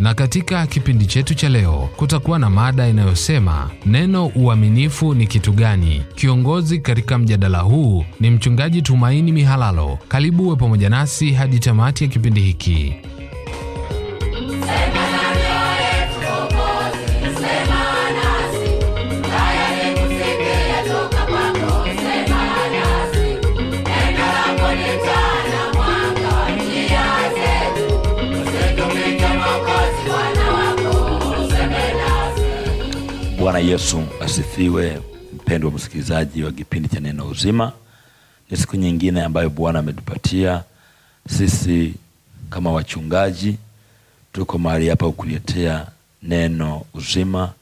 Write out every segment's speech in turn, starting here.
Na katika kipindi chetu cha leo kutakuwa na mada inayosema neno uaminifu ni kitu gani? Kiongozi katika mjadala huu ni mchungaji Tumaini Mihalalo. Karibu uwe pamoja nasi hadi tamati ya kipindi hiki. Bwana Yesu asifiwe. Mpendwa msikilizaji wa kipindi cha Neno Uzima, ni siku nyingine ambayo Bwana ametupatia sisi kama wachungaji. Tuko mahali hapa kukuletea neno uzima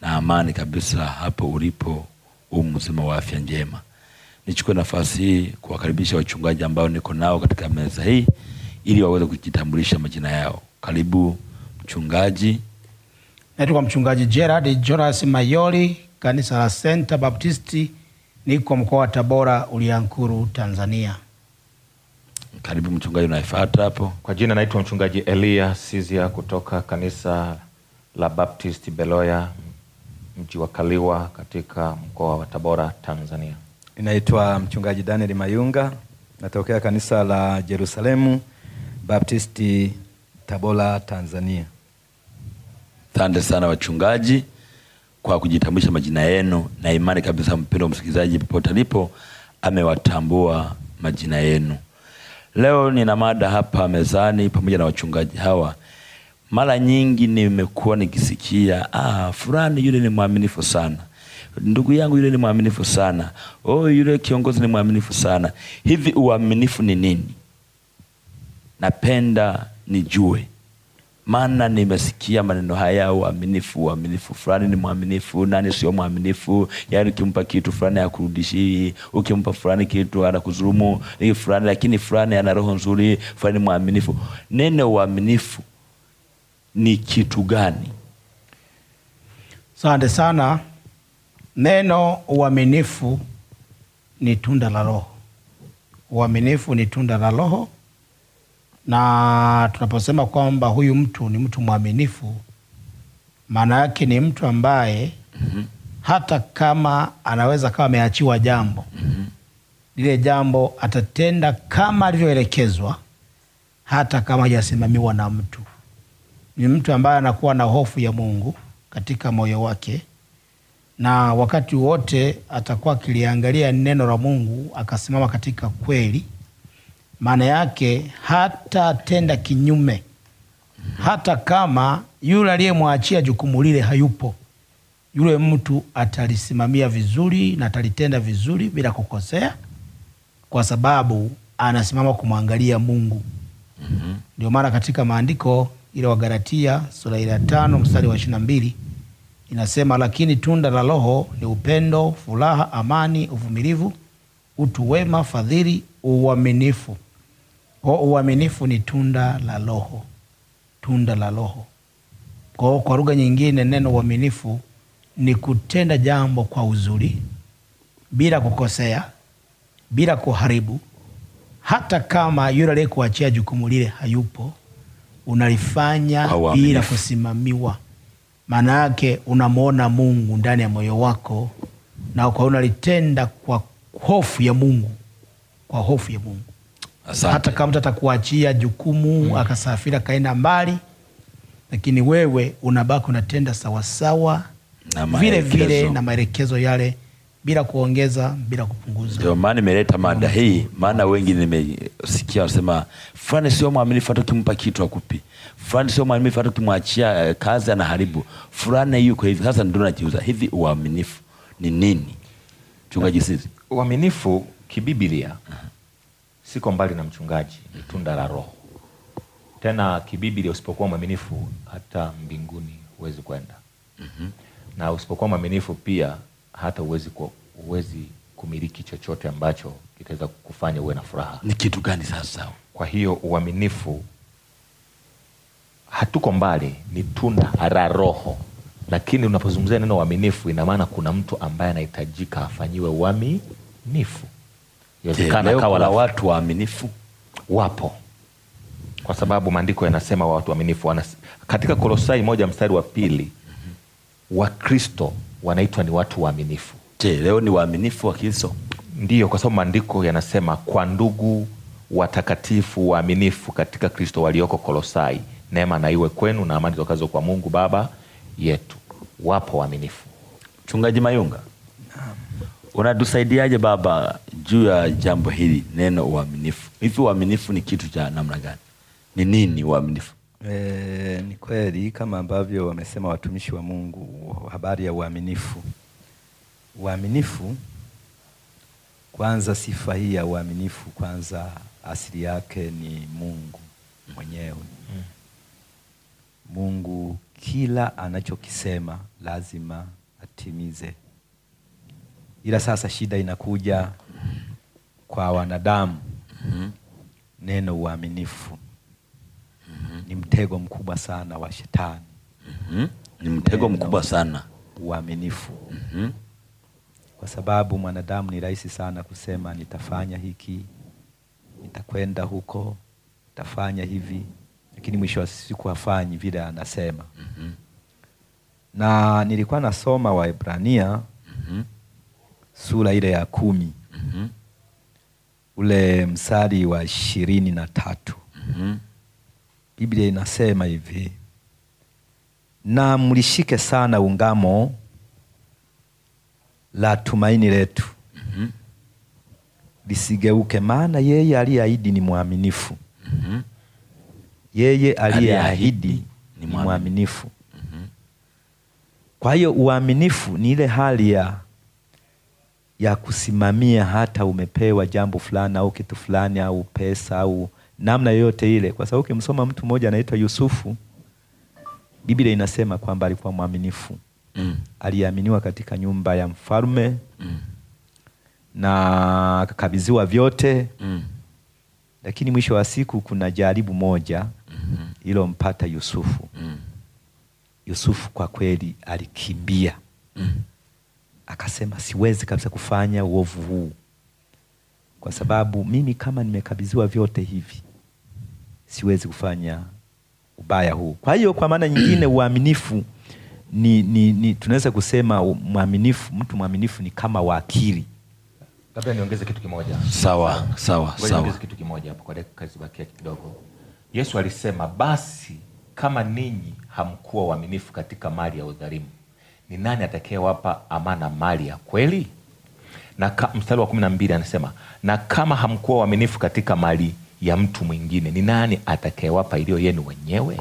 na amani kabisa hapo ulipo, u mzima wa afya njema. Nichukue nafasi hii kuwakaribisha wachungaji ambao niko nao katika meza hii ili waweze kujitambulisha majina yao. Karibu mchungaji Naitwa Mchungaji Gerard Jonas Mayoli, kanisa la Senta Baptisti, niko mkoa wa Tabora, Uliankuru, Tanzania. Karibu mchungaji unayefata hapo. Kwa jina naitwa Mchungaji Elia Sizia kutoka kanisa la Baptisti Beloya, mji wa Kaliwa, katika mkoa wa Tabora, Tanzania. Inaitwa Mchungaji Daniel Mayunga, natokea kanisa la Jerusalemu Baptisti Tabora, Tanzania. Asante sana wachungaji kwa kujitambulisha majina yenu, na imani kabisa mpendo wa msikilizaji popote alipo amewatambua majina yenu. Leo nina mada hapa mezani pamoja na wachungaji hawa. Mara nyingi nimekuwa nikisikia ah, fulani yule ni mwaminifu sana, ndugu yangu yule ni mwaminifu sana, oh, yule kiongozi ni mwaminifu sana. Hivi uaminifu ni nini? Napenda nijue maana nimesikia maneno haya, uaminifu, uaminifu, fulani ni mwaminifu, nani sio mwaminifu? Yaani ukimpa kitu fulani akurudishii ukimpa fulani kitu anakudhulumu, hii fulani, lakini fulani ana roho nzuri, fulani mwaminifu. Neno uaminifu ni kitu gani? Asante sana. Neno uaminifu ni tunda la Roho. Uaminifu ni tunda la Roho na tunaposema kwamba huyu mtu ni mtu mwaminifu, maana yake ni mtu ambaye mm -hmm. hata kama anaweza kawa ameachiwa jambo mm -hmm. lile jambo atatenda kama alivyoelekezwa, hata kama hajasimamiwa na mtu. Ni mtu ambaye anakuwa na hofu ya Mungu katika moyo wake, na wakati wote atakuwa akiliangalia neno la Mungu akasimama katika kweli maana yake hata tenda kinyume, hata kama yule aliyemwachia jukumu lile hayupo, yule mtu atalisimamia vizuri na atalitenda vizuri bila kukosea, kwa sababu anasimama kumwangalia Mungu. Mhm. Ndio mm -hmm. Maana katika maandiko ile Wagalatia sura ile ya tano mstari wa ishirini na mbili inasema, lakini tunda la Roho ni upendo, furaha, amani, uvumilivu, utu wema, fadhili, uaminifu kwa uaminifu ni tunda la Roho, tunda la Roho. Kwa kwa lugha nyingine, neno uaminifu ni kutenda jambo kwa uzuri, bila kukosea, bila kuharibu, hata kama yule aliyekuachia jukumu lile hayupo, unalifanya bila kusimamiwa. Maana yake unamwona Mungu ndani ya moyo wako, na kwa unalitenda kwa hofu ya Mungu, kwa hofu ya Mungu. Asante. Hata kama mtu atakuachia jukumu mm. akasafiri akaenda mbali, lakini wewe unabaki unatenda sawasawa vile vile na maelekezo yale bila kuongeza bila kupunguza. Ndio maana nimeleta mada hii, maana wengi nimesikia wanasema fulani sio mwaminifu, hata ukimpa kitu akupi. Fulani sio mwaminifu, hata ukimwachia eh, kazi anaharibu. Fulani yuko hivi. Sasa ndio najiuza hivi, uaminifu ni nini? Chungaji sisi, uaminifu kibiblia uh -huh siko mbali na mchungaji, ni tunda la Roho. Tena kibiblia, usipokuwa mwaminifu hata mbinguni huwezi kwenda mm -hmm. na usipokuwa mwaminifu pia hata huwezi huwezi kumiliki chochote ambacho kitaweza kukufanya uwe na furaha. Ni kitu gani sasa? Kwa hiyo uaminifu, hatuko mbali, ni tunda la Roho. Lakini unapozungumzia neno uaminifu, ina maana kuna mtu ambaye anahitajika afanyiwe uaminifu kuna watu waaminifu wapo, kwa sababu maandiko yanasema watu waaminifu wanas... katika Kolosai moja mstari wa pili Wakristo wanaitwa ni watu waaminifu. Je, leo ni waaminifu wa Kristo? Ndiyo, kwa sababu maandiko yanasema kwa ndugu watakatifu waaminifu katika Kristo walioko Kolosai, neema na iwe kwenu na amani tokazo kwa Mungu Baba yetu. Wapo waaminifu. Mchungaji Mayunga, unatusaidiaje baba juu ya jambo hili neno uaminifu. Hivi uaminifu ni kitu cha namna gani? Ni nini uaminifu? E, ni kweli kama ambavyo wamesema watumishi wa Mungu habari ya uaminifu. Uaminifu kwanza, sifa hii ya uaminifu kwanza, asili yake ni Mungu mwenyewe. Mm. Mungu kila anachokisema lazima atimize, ila sasa shida inakuja kwa wanadamu mm -hmm. Neno uaminifu mm -hmm. ni mtego mkubwa sana wa shetani mm -hmm. Ni mtego mkubwa sana uaminifu mm -hmm. Kwa sababu mwanadamu ni rahisi sana kusema nitafanya hiki, nitakwenda huko, nitafanya hivi, lakini mwisho wa siku hafanyi vile anasema mm -hmm. Na nilikuwa nasoma Waebrania mm -hmm. sura ile ya kumi mm -hmm ule msari wa ishirini na tatu mm -hmm. Biblia inasema hivi, na mlishike sana ungamo la tumaini letu mm -hmm. lisigeuke, maana yeye aliyeahidi ni mwaminifu mm -hmm. yeye aliyeahidi ni mwaminifu mm -hmm. Kwa hiyo uaminifu ni ile hali ya ya kusimamia hata umepewa jambo fulani au kitu fulani au pesa au namna yoyote ile, kwa sababu ukimsoma mtu mmoja anaitwa Yusufu, Biblia inasema kwamba alikuwa mwaminifu mm. Aliaminiwa katika nyumba ya mfalme mm. na akakabidhiwa vyote mm. Lakini mwisho wa siku kuna jaribu moja mm -hmm. ilompata Yusufu mm. Yusufu kwa kweli alikimbia mm akasema siwezi kabisa kufanya uovu huu, kwa sababu mimi kama nimekabidhiwa vyote hivi, siwezi kufanya ubaya huu. Kwa hiyo kwa maana nyingine uaminifu ni, ni, ni tunaweza kusema mwaminifu, mtu mwaminifu ni kama wakili. Labda niongeze kitu kimoja. Sawa, sawa, sawa. kitu kimoja hapo kwa dakika zibakia kidogo. Yesu alisema basi, kama ninyi hamkuwa waaminifu katika mali ya udhalimu ni nani atakayewapa Amana mali ya kweli? Na mstari wa kumi na mbili anasema na kama hamkuwa waaminifu katika mali ya mtu mwingine, ni nani atakayewapa iliyo yenu wenyewe?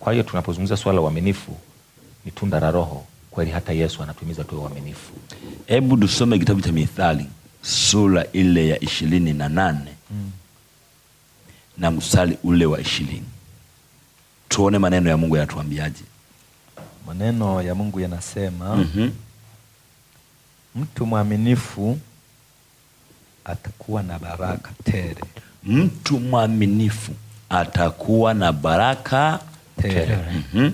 Kwa hiyo tunapozungumza suala la uaminifu ni tunda la Roho kweli, hata Yesu anatuhimiza tuwe uaminifu. Hebu tusome kitabu cha Mithali sura ile ya ishirini na nane mm. na mstari ule wa ishirini tuone maneno ya Mungu yanatuambiaje maneno ya Mungu yanasema mm -hmm. Mtu mwaminifu atakuwa na baraka tele. Mtu mwaminifu atakuwa na baraka tele, tele. Mm -hmm.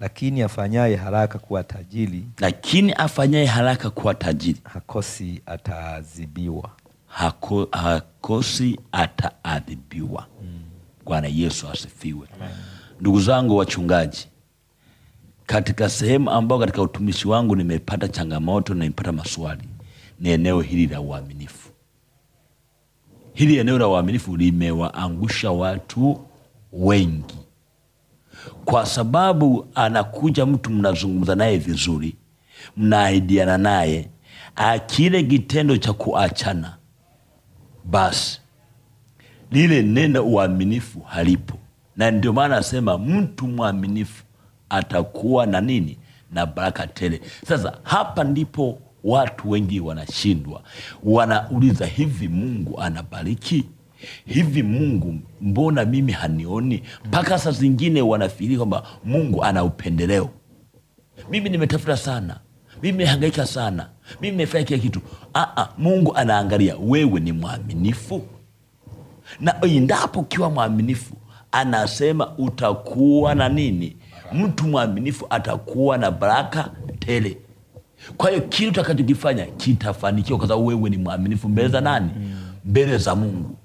Lakini afanyaye haraka kuwa tajiri, lakini afanyaye haraka kuwa tajiri hakosi ataadhibiwa. Hako, hakosi ataadhibiwa. mm. Bwana Yesu asifiwe. Ndugu zangu wachungaji katika sehemu ambayo katika utumishi wangu nimepata changamoto na nimepata maswali ni eneo hili la uaminifu. Hili eneo la uaminifu limewaangusha watu wengi, kwa sababu anakuja mtu, mnazungumza naye vizuri, mnaaidiana naye, akile kitendo cha kuachana, basi lile neno uaminifu halipo, na ndio maana anasema mtu mwaminifu atakuwa na nini? Na baraka tele. Sasa hapa ndipo watu wengi wanashindwa, wanauliza hivi, Mungu anabariki hivi? Mungu mbona mimi hanioni? Mpaka saa zingine wanafikiri kwamba Mungu ana upendeleo. Mimi nimetafuta sana, mimi nimehangaika sana, mimi nimefanya kila kitu. Aa, ah, ah, Mungu anaangalia wewe ni mwaminifu, na endapo ukiwa mwaminifu, anasema utakuwa na nini mtu mwaminifu atakuwa na baraka tele. Kwa hiyo kile utakachokifanya kitafanikiwa, kwa sababu wewe ni mwaminifu mbele za nani? Mbele za Mungu.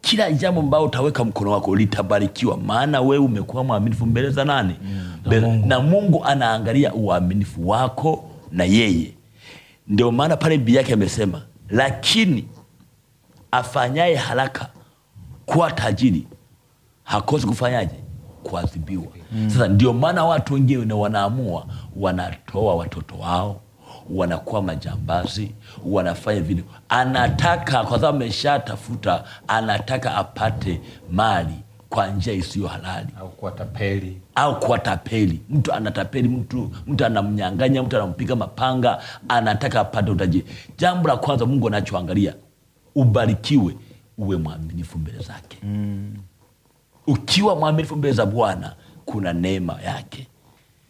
Kila jambo ambalo utaweka mkono wako litabarikiwa, maana wewe umekuwa mwaminifu mbele za nani? Mm, mbele, Mungu. Na Mungu anaangalia uaminifu wako na yeye. Ndio maana pale Biblia yake amesema, lakini afanyaye haraka kuwa tajiri hakosi kufanyaje? kuadhibiwa mm. Sasa ndio maana watu wengine wanaamua wanatoa watoto wao wanakuwa majambazi, wanafanya vile anataka, kwa sababu ameshatafuta, anataka apate mali kwa njia isiyo halali au kuwatapeli au kuwatapeli. Mtu anatapeli mtu, mtu anamnyang'anya, mtu anampiga mapanga, anataka apate utajiri. Jambo la kwanza Mungu anachoangalia, ubarikiwe, uwe mwaminifu mbele zake mm ukiwa mwaminifu mbele za Bwana kuna neema yake.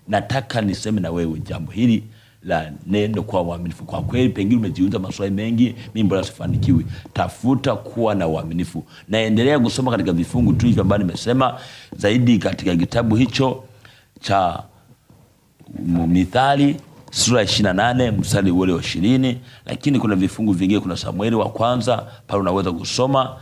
Nataka niseme na wewe jambo hili la neno kuwa uaminifu. Kwa kweli, pengine umejiuliza maswali mengi, mi mbona sifanikiwi? Tafuta kuwa na uaminifu. Naendelea kusoma katika vifungu tu hivyo ambayo nimesema zaidi katika kitabu hicho cha Mithali sura ya ishirini na nane mstari ule wa ishirini, lakini kuna vifungu vingine, kuna Samueli wa kwanza pale unaweza kusoma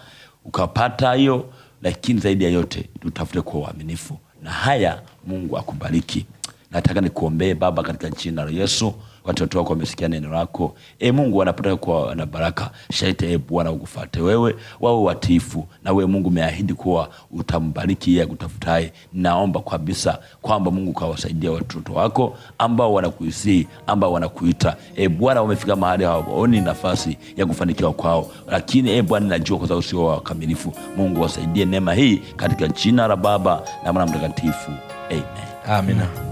ukapata hiyo lakini zaidi ya yote tutafute kuwa waaminifu, na haya Mungu akubariki. Nataka nikuombee. Baba, katika jina la Yesu watoto wako wamesikia neno lako. E Mungu, wanapotaka kuwa na baraka, shaite e Bwana ukufate wewe, wawe watiifu na wewe. Mungu umeahidi kuwa utambariki yeye akutafutaye. Naomba kabisa kwamba Mungu kawasaidia watoto wako ambao wanakuisii, ambao wanakuita e Bwana, wamefika mahali hawaoni nafasi ya kufanikiwa kwao, lakini e Bwana, najua kwa sababu sio wakamilifu. Mungu wasaidie neema hii katika jina la Baba na Mwana Mtakatifu, amen. Amina.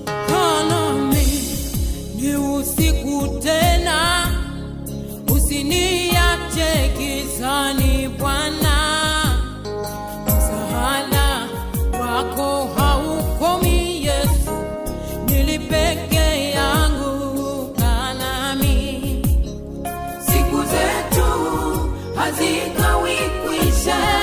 hazitawi kwisha